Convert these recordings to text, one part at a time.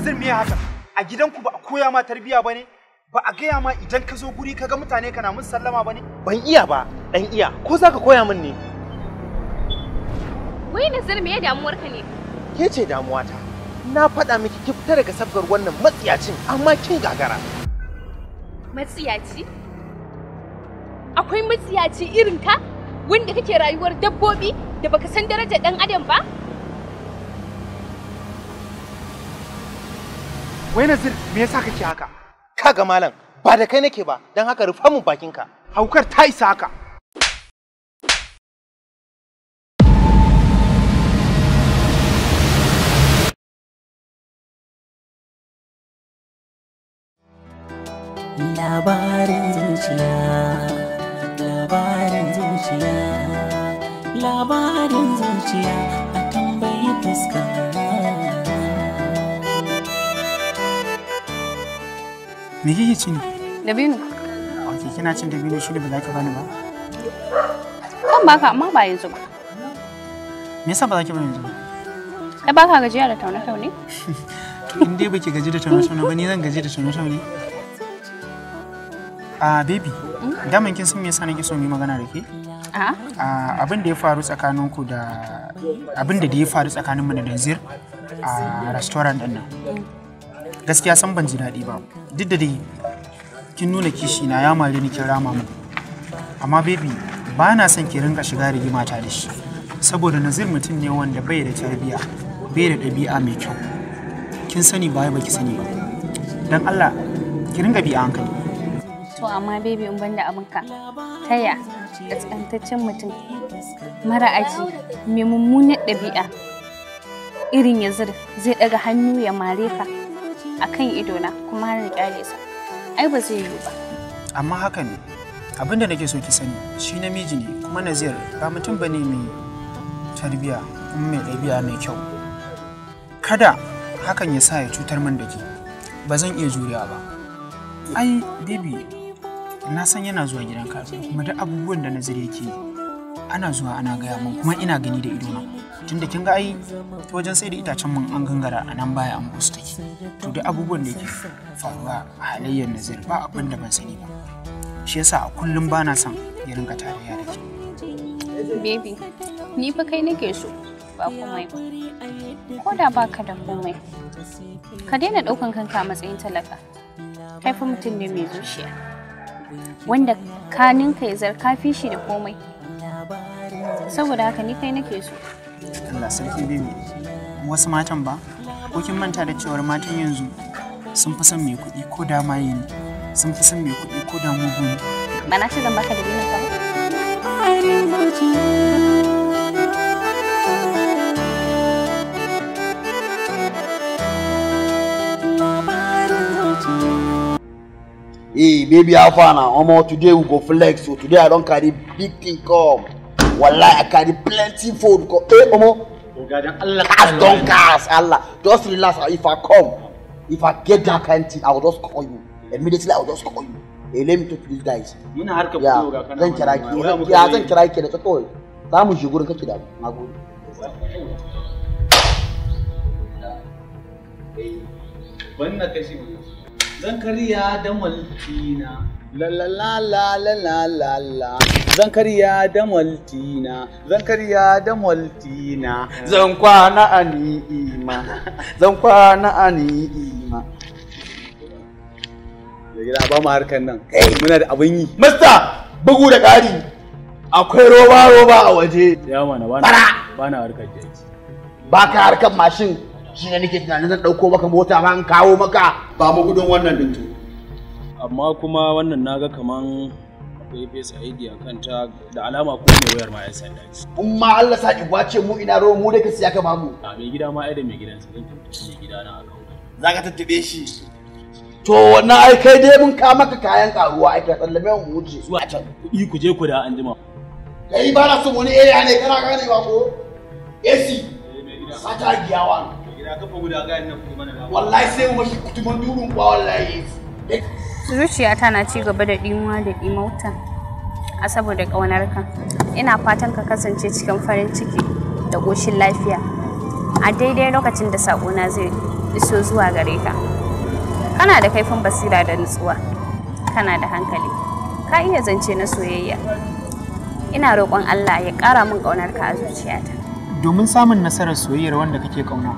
zan miya haka a gidanku ba a koya ma tarbiya ba ne ba a gaya ma idan ka zo guri ka ga mutane kana musu sallama ba ne ban iya ba dan iya ko za ka koya min ne wai nazir me ya damuwarka ne ke ce damuwata na faɗa miki ki fita daga sabgar wannan matsiyacin amma kin gagara matsiyaci akwai matsiyaci irin ka wanda kake rayuwar dabbobi da baka san darajar dan adam ba Wai Nazir, me yasa kake haka? Kaga malam, ba da kai nake ba, don haka rufa mun bakinka. Haukar ta isa haka. Labarin zuciya, labarin zuciya, labarin zuciya a tambayi fuska. Me kike ci ne? Dabino. Ok, kina cin dabino shi ne ba za ki bani ba? Kan baka amma ba yanzu ba. Me yasa ba za ki bani yanzu ba? Ai baka gajiya da taune-taune? To in dai baki gaji da taune-taune ba ni zan gaji da taune-taune. Ah, baby, hmm? daman kin san me yasa nake so mu yi magana da ke? abin da ya faru tsakaninku da abin da ya faru tsakaninmu da Nazir a restaurant din nan. Hmm. gaskiya san ban ji daɗi ba duk da dai kin nuna kishi na ya mare ni kin rama mu amma baby ba na son ki ringa shiga rigima ta da shi saboda nazir mutum ne wanda bai da tarbiyya bai da ɗabi'a mai kyau kin sani ba ba ki sani ba dan Allah ki ringa bi a hankali to amma baby in banda abinka taya kaskantaccen mutum mara aji mai mummunar ɗabi'a irin yanzu zai ɗaga hannu ya mare ka akan idona kuma har na kyale sa ai ba zai yiwu ba amma haka ne abin da nake so ki sani shi namiji ne kuma Nazir ba mutum bane mai tarbiya kuma mai ɗabi'a mai kyau kada hakan ya sa ya cutar min da ke ba zan iya juriya ba ai baby na san yana zuwa gidan ka, kuma duk abubuwan da Nazir yake yi ana zuwa ana gaya mun kuma ina gani da idona da kin ga ai wajen sai da itacen mun an gangara a nan baya an busu take to da abubuwan da ke faruwa a halayyar nazir ba abin da ban sani ba shi yasa a kullum ba na son ya rinka tarayya da ke baby ni fa kai nake so ba komai ba ko da ba ka da komai ka daina ɗaukan kanka a matsayin talaka kai fa mutum ne mai zuciya wanda kaninka ya zarka fi da komai saboda haka ni kai nake so Allah sarki bibi wasu matan ba ko kin manta da cewar matan yanzu sun fi son mai kuɗi ko da ma ne sun fi son mai kuɗi ko da mu ne ba na ce zan baka da dinin ba hey eh, baby how far na omo today we go flex so today i don't carry big thing come wallahi i carry plenty food ko eh omo cast don cast allah just relax ah, if i come if i get that kind thing i will just call you immediately i will just call you eh let me talk to these guys muna harka ku ga kana zan kira ki ya zan kira ki da kawai za mu shi gurin kake da na gode ban na kashi zan kariya da malki na La Zan karya da maltina, zan karya da maltina, zan kwana a zankwa zan kwana a Da gida ba mu harkar nan, muna da abin yi. Mista, bugu da ƙari, akwai roba-roba a waje. Ya mana ba na harkar jaki. Ba ka harkar mashin, shi ne nake tunanin zan ɗauko maka mota ba kawo maka. Ba mu gudun wannan dintu. amma kuma wannan naga kaman akwai face ID a kanta da alama ko mai wayar ma ya sanda in ma Allah sa ki gwace mu ina ro mu da ka siya ka bamu a mai gida ma aidan mai gidan sa tafi mai gida na akan zaka tattabe shi to wannan ai kai dai mun ka maka kayan karuwa ai ka sallame mu wuce zuwa can kuɗi ku je ku da anjima kai ba na son wani area ne kana ba ko AC eh, sata giyawa gida kafa guda ga nan kuma na wallahi sai mu shi kutuman durun ba wallahi zuciyata na ci gaba da ɗimuwa da ɗimauta a saboda ƙaunarka ina fatan ka kasance cikin farin ciki da ƙoshin lafiya a daidai lokacin da saƙona zai iso zuwa gare ka kana da kaifin basira da nutsuwa kana da hankali ka iya zance na soyayya ina roƙon allah ya ƙara min ƙaunarka a zuciyata domin samun nasarar soyayyar wanda kake ƙauna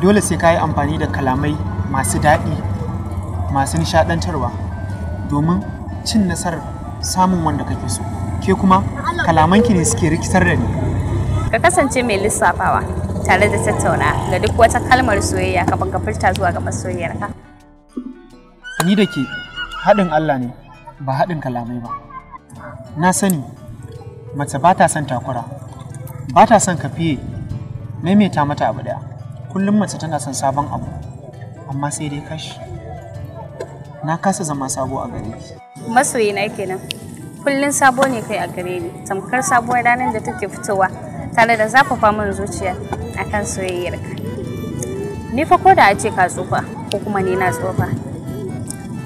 dole sai ka yi amfani da kalamai masu daɗi masu nishadantarwa domin cin nasarar samun wanda kake so ke kuma kalamanki ne suke rikitar da ni ka kasance mai lissafawa tare da tattauna ga duk wata kalmar soyayya ka ka furta zuwa ga masoyiyarka ni da ke haɗin Allah ne ba haɗin kalamai ba na sani mace ba ta son takura ba ta son ka fiye maimaita mata abu daya kullum mace tana son sabon abu amma sai dai kashi na kasa zama sabo a gare ki masoyi na kenan kullun sabo ne kai a gare ni tamkar sabuwar ranar da take fitowa tare da zafafa min zuciya a akan soyayyarka ni fa ko da a ce ka tsufa ko kuma ni na tsufa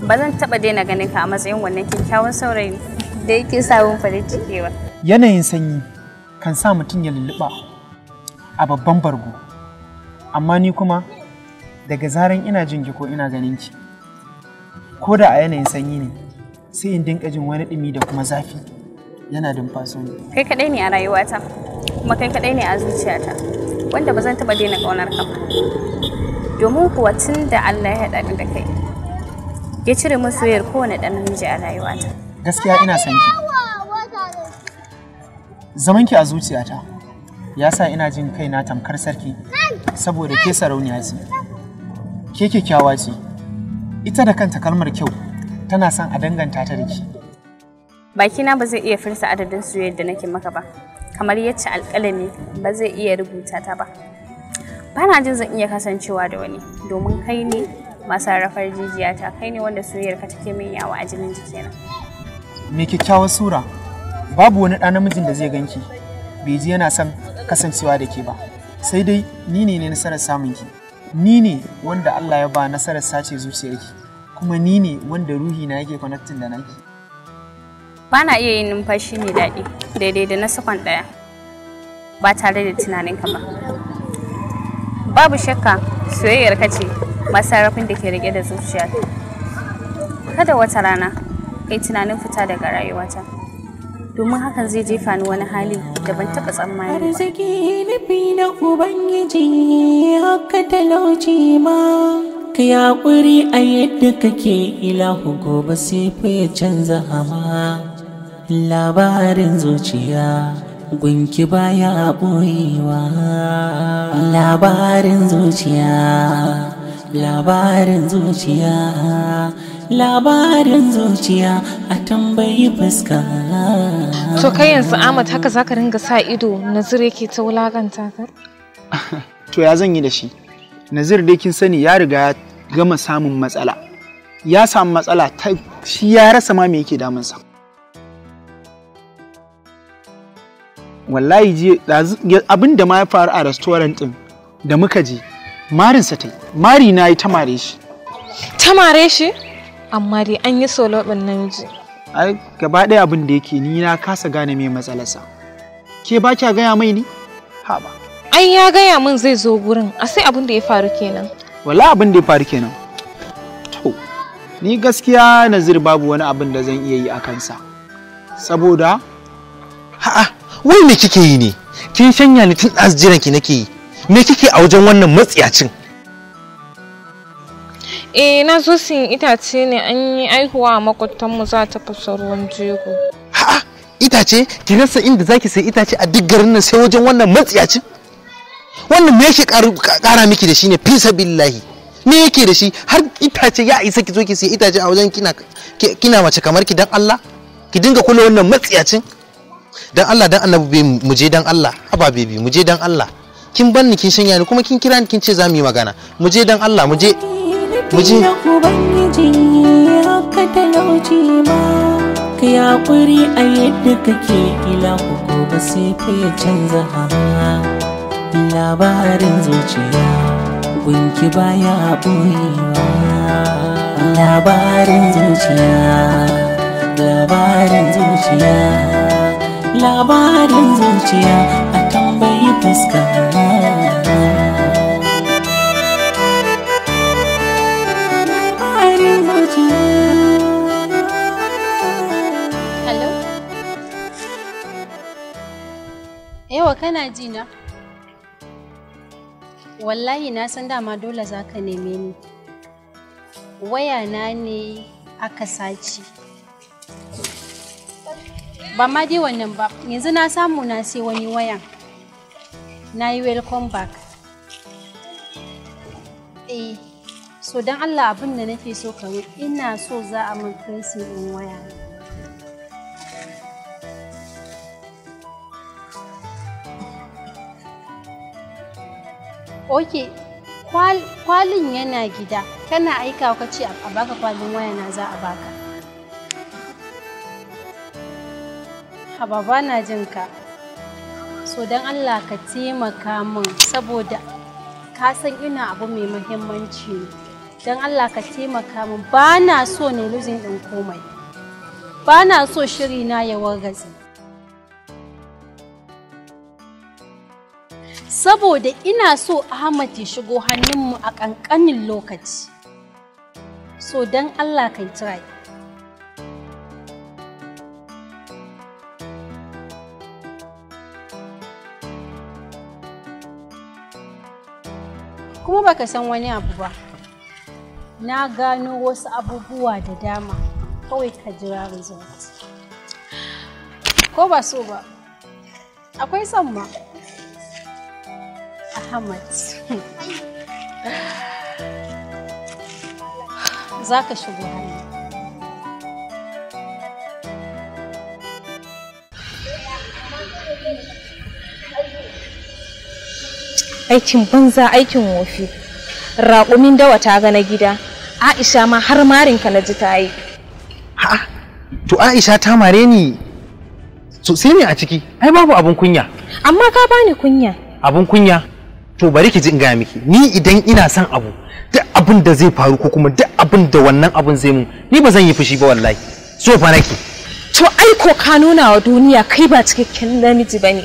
ba zan taɓa daina ganin ka a matsayin wannan kyakkyawan saurayi da yake sabon farin ciki ba yanayin sanyi kan sa mutum ya lulluɓa a babban bargo amma ni kuma daga zaran ina jin ki ko ina ganin ki ko da a yanayin sanyi ne sai in dinka jin wani ɗumi da kuma zafi yana dumfaso ne kai kaɗai ne a rayuwata kuma kai kaɗai ne a zuciyata wanda ba zan taɓa daina kaunar ka ba domin kuwa tun da Allah ya haɗa da kai ya cire min soyayyar kowane dan namiji a rayuwata gaskiya ina son ki zaman ki a zuciyata ya sa ina jin kaina tamkar sarki saboda ke sarauniya ce ke kyakkyawa ce ita da kanta kalmar kyau tana son a danganta ta da ki na ba zai iya firsa adadin soyayyar da nake maka ba kamar yacce alƙalami ba zai iya rubuta ta ba ba jin zan iya kasancewa da wani domin kai ne masarrafar jijiyata kai ne wanda soyayyarka take min yawa a jinin jikina me kyakkyawar sura babu wani ɗan namijin da zai ganki bai ji yana son kasancewa da ke ba sai dai ni ne ne nasarar samun ki ni ne wanda Allah ya ba nasarar sace zuciyarki kuma ni ne wanda ruhi na yake connecting da naki ba na iya yin numfashi mai daɗi daidai da na sakon ɗaya ba tare da tunaninka ba babu shakka soyayyar ka ce masarrafin da ke rike da zuciya kada wata rana kai tunanin fita daga rayuwata domin hakan zai jefa ni wani hali daban ban taɓa tsammani ba. na Ubangiji ka talauci ma ka yaƙuri a yadda kake ilahu gobe sai fa ya canza hama labarin zuciya gunki baya ɓoyewa labarin zuciya labarin zuciya labarin zuciya a tambayi fuska to kai yanzu amat haka zaka ringa sa ido nazir yake ta wulakanta ka to ya zan yi da shi nazir dai kin sani ya riga ya gama samun matsala ya samu matsala ta shi ya rasa ma me yake damunsa wallahi je abin da ma ya faru a restaurant din da muka je marinsa ta mari na yi ta mare shi ta mare shi amma dai an yi solo nan ji. ai gaba ɗaya abin da yake ni na kasa gane mai matsalarsa ke ba kya gaya mai ni ha ba ai ya gaya min zai zo gurin a sai abin da ya faru kenan wala abin da ya faru kenan to ni gaskiya nazir babu wani abin da zan iya yi a kansa saboda ha'a wai me kike yi ne kin shanya ni tun ɗazu jiran ki nake yi me kike a wajen wannan matsiyacin eh na zo sin itace ne an yi aihuwa a mu za ta fasa ruwan jego ha'a itace ki rasa inda zaki sai itace a duk garin nan sai wajen wannan matsiyacin wannan me yake kara miki da shi ne fisa billahi me yake da shi har itace ya isa ki zo ki sai itace a wajen kina kina mace kamar ki dan Allah ki dinga kula wannan matsiyacin dan Allah dan annabi mu je dan Allah haba baby mu je dan Allah kin ban ni kin shanya ni kuma kin kira ni kin ce za mu yi magana mu je dan Allah mu je mu je ka yaƙuri a yadda kake ila ko ba sai ya canza hama labarin zuciya gunki baya buyewa labarin zuciya labarin zuciya labarin zuciya a tambayi fuska kana ji na? wallahi na san dama dole za ka neme ni waya na ne aka sace ba ma dai wannan ba yanzu na samu na sai wani wayan na yi welcome back eh so don allah abin da nake so ka ina so za a mun in waya oke kwalin yana gida kana aika ka ce a baka kwalin waya na za a baka haba na jin ka so don allah ka taimaka min saboda ka san ina abu mai muhimmanci ne don allah ka taimaka min ba na so ne luzin din komai ba na so shiri na yawan gazi. saboda ina so Ahmad ya shigo hannunmu a ƙanƙanin lokaci. So don Allah kai try. Kuma baka san wani abu ba. Na gano wasu abubuwa da dama kawai ka jira result. Ko ba so ba, akwai son ma. Ahmad. Za ka shigo hannu. Aikin banza aikin wofi. Raƙumin dawa ta ga na gida. Aisha ma har ka na ji ta yi. Ha? To Aisha ta mare ni To sai ne a ciki ai babu abun kunya amma ka bani kunya abun kunya to bari ki ji in gaya miki ni idan ina son abu duk abin da zai faru ko kuma duk abin da wannan abin zai mun ni ba zan yi fushi ba wallahi so fa nake to ai ko ka nuna wa duniya kai ba cikakken namiji bane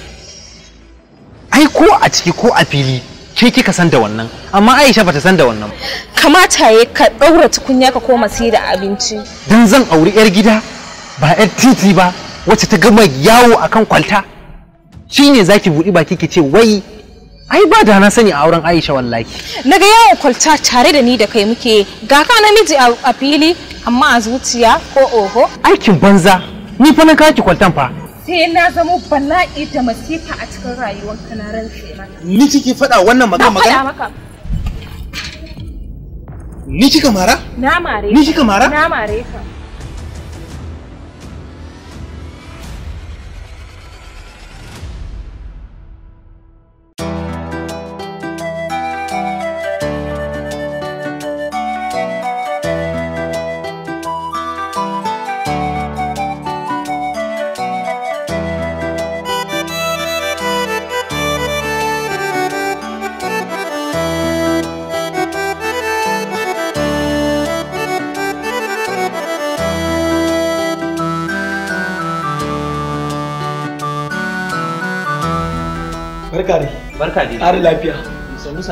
ai ko a ciki ko a fili ke kika san da wannan amma Aisha bata san da wannan kamata ya ka daura tukunya ka koma sai da abinci dan zan auri yar gida ba yar titi ba wacce ta gama yawo akan kwalta shine zaki buɗi baki ki ce wai ai ba da na sani a auren Aisha wallahi naga yawon kwalta tare da ni da kai muke ga ka namiji a fili amma a zuciya ko oho aikin banza ni fa na kaki kwaltan fa sai na zama bala'i da masifa a cikin rayuwar kanaran ni kike faɗa wannan magana magana ni kika mara na mare ni kika mara na mare ka barka dai lafiya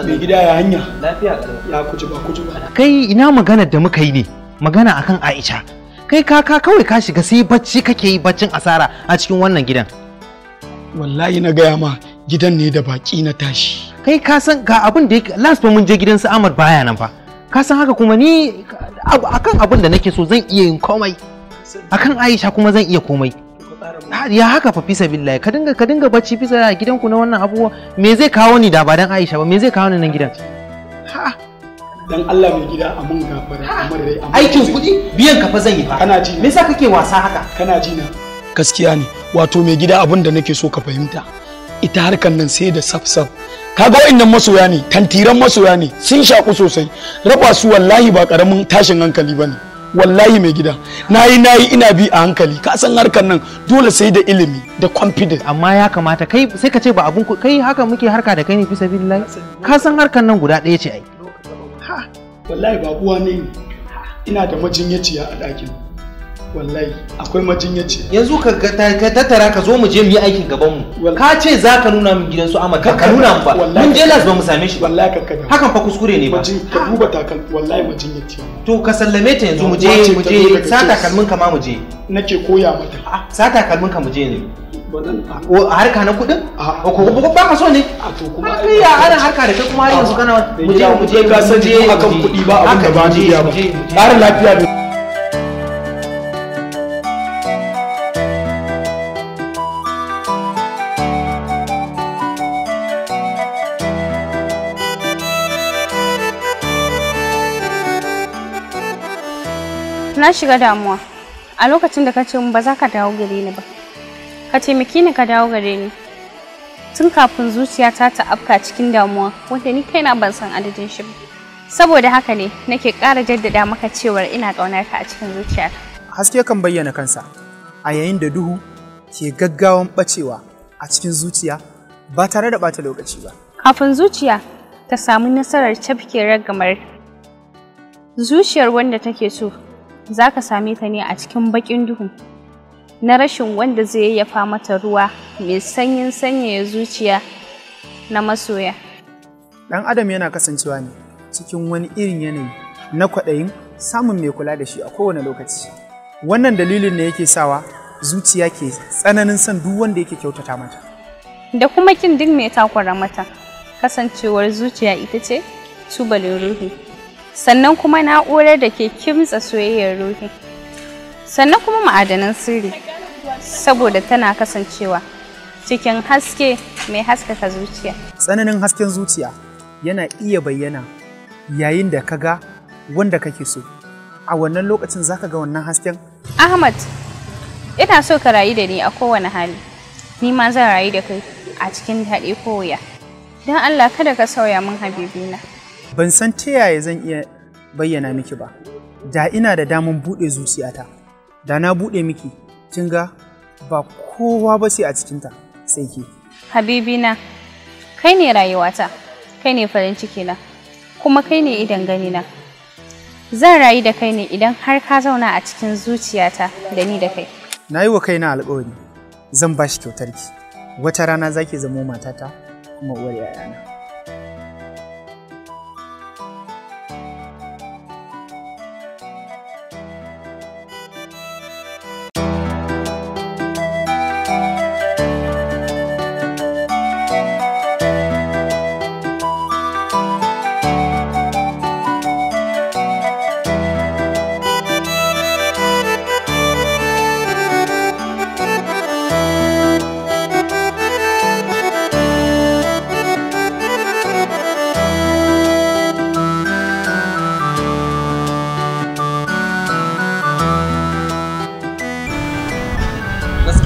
mai gida ya hanya lafiya ya kuci ba kuci ba kai ina magana da muka yi ne magana akan Aisha kai kaka kawai ka shiga sai bacci kake yi baccin asara a cikin wannan gidan wallahi na gaya ma gidan ne da baki na tashi kai ka san ga abin da yake last mun je gidan su Ahmad baya nan fa ka san haka kuma ni akan abin da nake so zan iya yin komai akan Aisha kuma zan iya komai ya haka fa fisa billahi ka dinga ka dinga bacci fisa a gidanku na wannan abubuwa me zai kawo ni da ba Aisha ba me zai kawo ni nan gidan dan Allah mai gida a mun gafara amar rai aikin kudi biyan ka fa zan yi fa kana ji me yasa kake wasa haka kana ji na gaskiya ne wato mai gida abin da nake so ka fahimta ita harkan nan sai da safsaf kaga wa'annan masoya ne tantiran masoya ne sun shaku sosai raba su wallahi ba karamin tashin hankali bane wallahi mai gida nayi nayi ina bi a hankali ka san harkar nan dole sai da ilimi da confidence amma ya kamata kai sai ka ce ba abun kai haka muke harka da kai ne fi sabilillahi ka san harkar nan guda ɗaya ce ai wallahi ba kuwa ne ina da majinyaciya a ɗakin wallahi akwai majinyaci yanzu ka tattara ka zo mu je mu yi aikin gaban mu ka ce za ka nuna min su amma ka nuna mu ba mun je las ba mu same shi wallahi ka kada hakan fa kuskure ne ba ka duba takal wallahi majinyaci to ka sallame ta yanzu mu je mu je sa takalmin ka ma mu je nake koya mata sa takalmin ka mu je ne harka na kudin? ko ba ka so ne kuma kai ya ana harka da kai kuma har yanzu kana mu je mu je mu je akan kudi ba abin da ba ni ba ƙara lafiya ne na shiga damuwa a lokacin da ka ce ba za ka dawo gare ni ba ka taimake ni ka dawo gare ni tun kafin zuciyata ta afka cikin damuwa wanda ni kaina ban san adadin shi ba saboda haka ne nake ƙara jaddada maka cewar ina ƙaunar ka a cikin zuciyata haske kan bayyana kansa a yayin da duhu ke gaggawan bacewa a cikin zuciya ba tare da ɓata lokaci ba kafin zuciya ta samu nasarar cafke ragamar zuciyar wanda take so za ka same ta ne a cikin baƙin duhu na rashin wanda zai yafa mata ruwa mai sanyin sanyaya zuciya na masoya. Ɗan adam yana kasancewa ne cikin wani irin yanayi na kwaɗayin samun mai kula da shi a kowane lokaci. Wannan dalilin ne yake sawa zuciya ke tsananin son duk wanda yake kyautata mata. Da kuma kin duk mai takwara mata, kasancewar zuciya ita ce tubalin ruhi. sannan kuma na'urar da ke kimtsa soyayyar ruhi sannan kuma ma'adanan sirri saboda tana kasancewa cikin haske mai haskaka zuciya tsananin hasken zuciya yana iya bayyana yayin da ka ga wanda kake so a wannan lokacin zaka ga wannan hasken ahmad ina so ka rayu da ni a kowane hali ni ma zan rayu da kai a cikin daɗi ko wuya don allah kada ka sauya min habibina ban san ta yaya zan iya bayyana miki ba da ina da daman buɗe zuciyata da na buɗe miki kin ga ba kowa ba sai a cikinta sai ke habibina kai ne rayuwata kai ne farin cikina kuma kai ne idan ganina zan rayu da kai ne idan har ka zauna a cikin zuciyata da ni da kai na yi wa kaina alƙawari, zan ba shi kyautarki wata rana zaki zamo matata kuma uwar 'ya'yana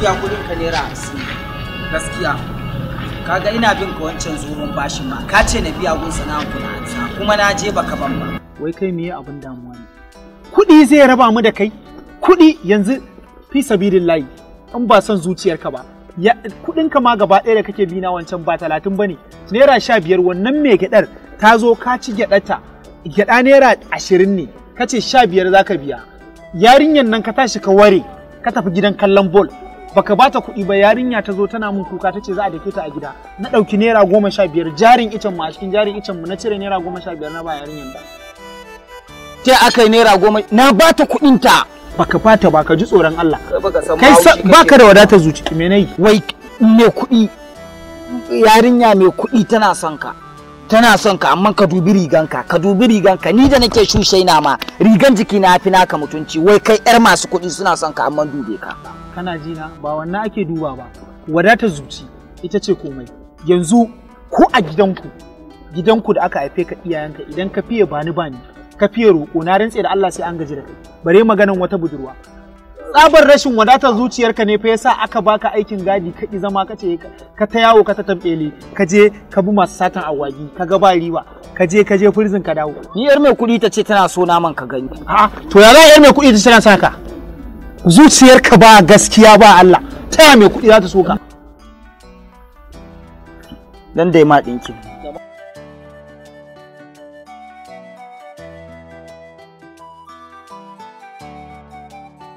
biya kudin ka naira hamsin gaskiya kaga ina bin ka wancan zuwan bashin ma ka ce na biya gun sana'a ku na kuma na je baka ban ba wai kai meye abin damuwa ne kuɗi zai raba mu da kai kuɗi yanzu fi sabilillahi in ba son zuciyarka ba kudin ka ma gaba ɗaya da kake bi na wancan ba talatin bane naira sha biyar wannan mai gyaɗar ta zo ka ci gyaɗarta gyaɗa naira ashirin ne ka ce sha biyar za ka biya yarinyar nan ka tashi ka ware ka tafi gidan kallon bol baka bata kuɗi ba yarinya ta zo tana mun kuka ta ce za a dake ta a gida na ɗauki naira goma sha biyar jarin icen mu a cikin jarin icen mu na cire naira goma sha biyar na ba yarinyan ba ta aka yi naira goma na bata kuɗin ta baka bata ba ka ji tsoron Allah kai baka da wadatar zuci me nayi wai me kuɗi yarinya mai kuɗi tana son ka tana son ka amma ka dubi riganka ka dubi riganka ni da nake shushe na ma rigan jiki na fi naka mutunci wai kai yar masu kuɗi suna son ka amma dube ka kana ji na ba wannan ake duba ba wadatar zuci ita ce komai yanzu ko a gidanku gidanku da aka haife ka iyayenka idan ka fiye bani bani ka fiye roƙo na rantse da Allah sai an gaji da kai bare maganan wata budurwa tsabar rashin wadatar zuciyarka ne fa yasa aka baka aikin gadi ka ki zama ka ce ka ta yawo ka ta tambele ka je ka bi masu satan awagi ka ga ba riba ka je ka ka dawo ni yar mai kuɗi ta ce tana so naman ka gani a to ya yar mai kuɗi ta ce tana saka zuciyarka ba gaskiya ba Allah ta mai kuɗi za ta so ka dan dai ma ɗinkin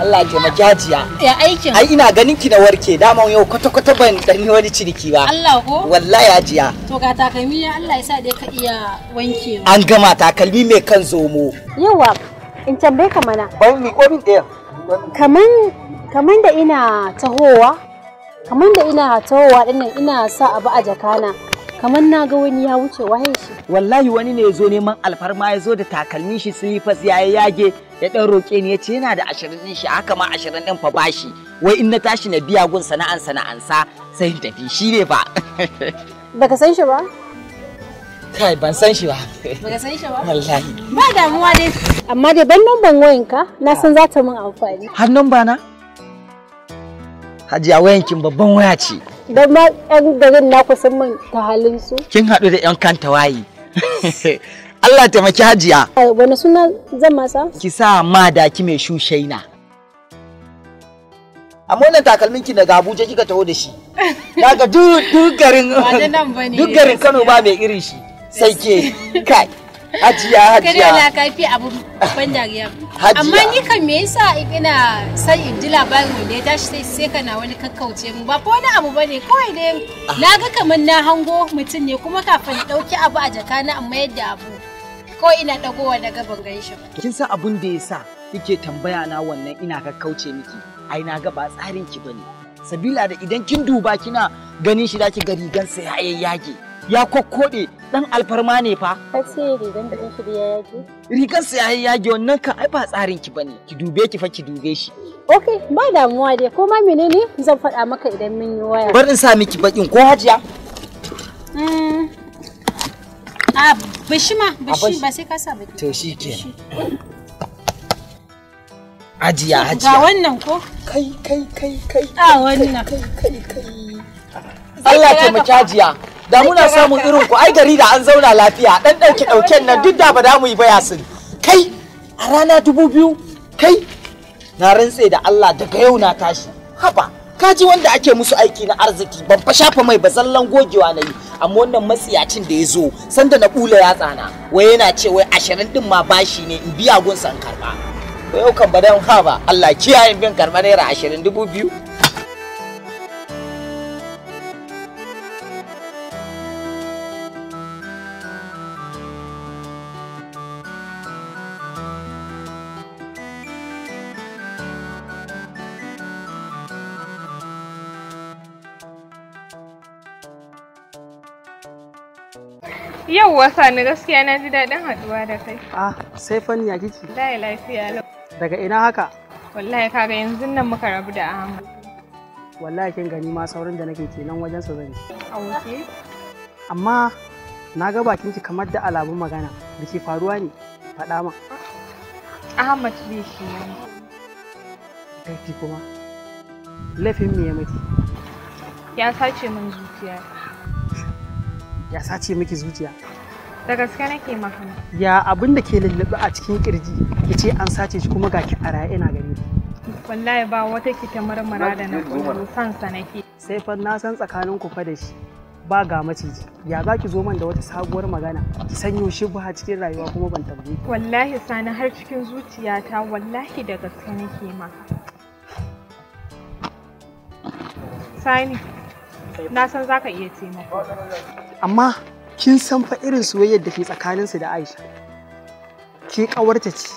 Allah ya majajiya. Ya aikin. Ai ina ganin ki da warke dama yau kwata kwata ban dan wani ciniki ba. Allah ko? Wallahi ajiya. To ga takalmi ya Allah ya sa dai ka iya wanke. An gama takalmi mai kan zomo. Yawa in tambaye ka mana. Bai ni ko daya. Kaman kaman da ina tahowa kaman da ina tahowa dinnan ina sa abu a jakana. kamar na ga wani ya wuce waye shi wallahi wani ne ya zo neman alfarma ya zo da takalmin shi silifas ya yage ya dan roƙe ni ya ce yana da ashirin din shi haka ma ashirin din fa bashi wai in na tashi na biya gun sana'an sana'ansa sai in tafi shi ne ba baka san shi ba kai ban san shi ba baka san shi ba wallahi ba damuwa dai amma dai ban numban wayanka na san za ta min amfani har numba na Hajiya wayankin babban waya ce don ma yan garin na kusan man ta halin su kin haɗu da yan kanta waye Allah taimaki hajiya wani suna zan masa ki sa ma daki mai shushaina A wannan takalmin ki daga Abuja kika taho da shi daga duk garin duk garin Kano ba mai irin shi sai ke kai hajiya hajiya kana kafi abu ban dariya amma ni kan me yasa ina san in ji labarin wanda ya tashi sai sai kana wani kakkauce mu ba wani abu bane kawai dai na ga kamar na hango mutum ne kuma kafin dauki abu a jaka na amma yadda abu kawai ina dagowa daga ban gan shi kin san abun da yasa kike tambaya na wannan ina kakkauce miki ai na ga ba tsarin ki bane sabila da idan kin duba kina ganin shi da ki ga rigansa ya yayyage ya kokkoɗe dan alfarma ne fa. Kace rigan da kanki ya yage? Rigan sa yayi yage wannan kan ai ba tsarin ki bane. Ki dube ki fa ki dube shi. Okay, ba damuwa dai. Ko ma menene zan faɗa maka idan mun yi waya. Bar in sa miki bakin ko Hajiya. Mm. A bashi ma, bashi ba sai ka sa ba. To shi ke. Ajiya, ajiya. Ga wannan ko? Kai, kai, kai, kai. A wannan. Kai, kai, kai. Allah ta mu Hajiya. da muna samun irin ku ai gari da an zauna lafiya dan dauke dauken nan duk da ba da mu yi ba yasin kai a rana dubu biyu kai na rantse da Allah daga yau na tashi haba kaji wanda ake musu aiki na arziki ban fa shafa mai ba zallan gogewa na yi amma wannan matsiyacin da ya zo sanda na bula ya tsana wai yana ce wai ashirin din ma bashi ne in biya gunsan in karba yau kan ba ha haba. Allah kiyaye bin karba naira ashirin dubu biyu Yauwa sani gaskiya na ji daɗin haɗuwa da kai. Ah, sai fanni ya kiki. Dai lafiya lau. Daga ina haka? Wallahi kaga yanzu nan muka rabu da Ahmad. Wallahi kin gani ma saurin da nake kenan wajen sa zan yi. Amma na ga bakin ki kamar da alamun magana da ke faruwa ne faɗa ma. Ahmad bai shi ne. kuma. Laifin me ya miki? Ya sace min zuciya. ya sace miki zuciya da gaske nake maka ya abin da ke lullubi a cikin kirji ki ce an sace shi kuma gaki a raye ina gani wallahi ba wata ki ta marmara da na kuma san sa nake sai fa na san tsakanin ku fa da shi ba ga maciji ya za ki zo man da wata sabuwar magana ki sanyo shi ba cikin rayuwa kuma ban tambaye wallahi sani har cikin zuciyata wallahi da gaske nake maka sani na san za ka iya taimako amma kin san fa irin soyayyar da ke tsakaninsu da aisha ke kawarta ce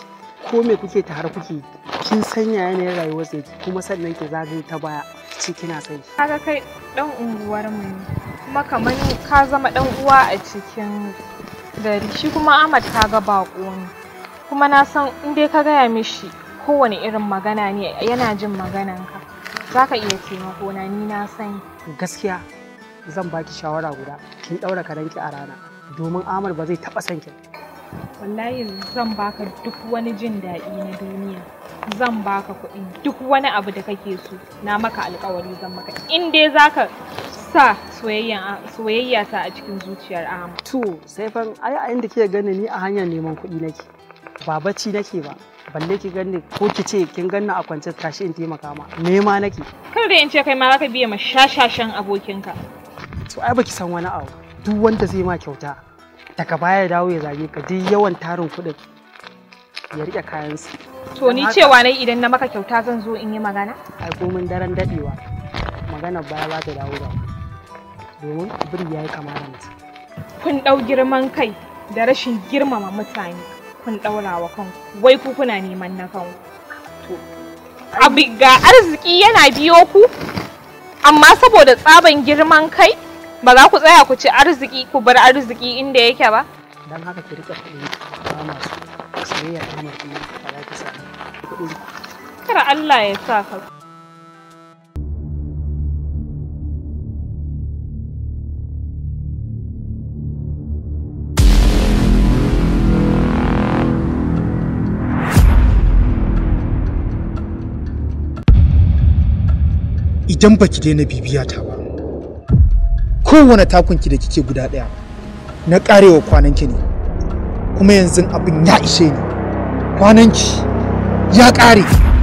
ko me kuke ta har kuke kin san yanayin rayuwar yake kuma sannan ki zagaye ta baya ce kina sai kaga kai dan unguwar mu kuma kamar ka zama dan uwa a cikin gari shi kuma Ahmad kaga bako ne kuma na san in dai ka gaya mishi kowane irin magana ne yana jin maganan magananka zaka iya taimako na ni na sani gaskiya zan baki shawara guda kin daura karanki a rana domin Amar ba zai taba son wallahi zan baka duk wani jin daɗi na duniya zan baka kuɗi duk wani abu da kake so na maka alkawari zan maka in dai zaka sa soyayya ta a cikin zuciyar Ahmad to sai fa ai a inda kike gani ni a hanyar neman kuɗi nake ba bacci nake ba balle ki ganni ko ki ce kin ganni a kwance tashi in taimaka ma me ma nake kar da in kai ma zaka biya ma shashashan abokinka to ai baki san wani abu duk wanda zai ma kyauta daga baya dawo ya zage ka duk yawan tarin kuɗin ya rike kayansu to ni cewa nai idan na maka kyauta zan zo in yi magana ai komin daren dadewa magana baya ba ta dawo da domin biri yayi kama da kun dau girman kai da rashin girmama mutane kun ɗaura wa kanku wai ku kuna neman na kanku abi ga arziki yana biyo ku amma saboda tsaban girman kai ba za ku tsaya ku ci arziki ku bar arziki inda yake ba dan haka ki rika kudi ba masu ba za ki kar Allah ya sa ka idan baki daina bibiya ta ba kowane takunki da kike guda ɗaya na ƙarewa kwananki ne kuma yanzu abin ya ishe ni kwananki ya ƙare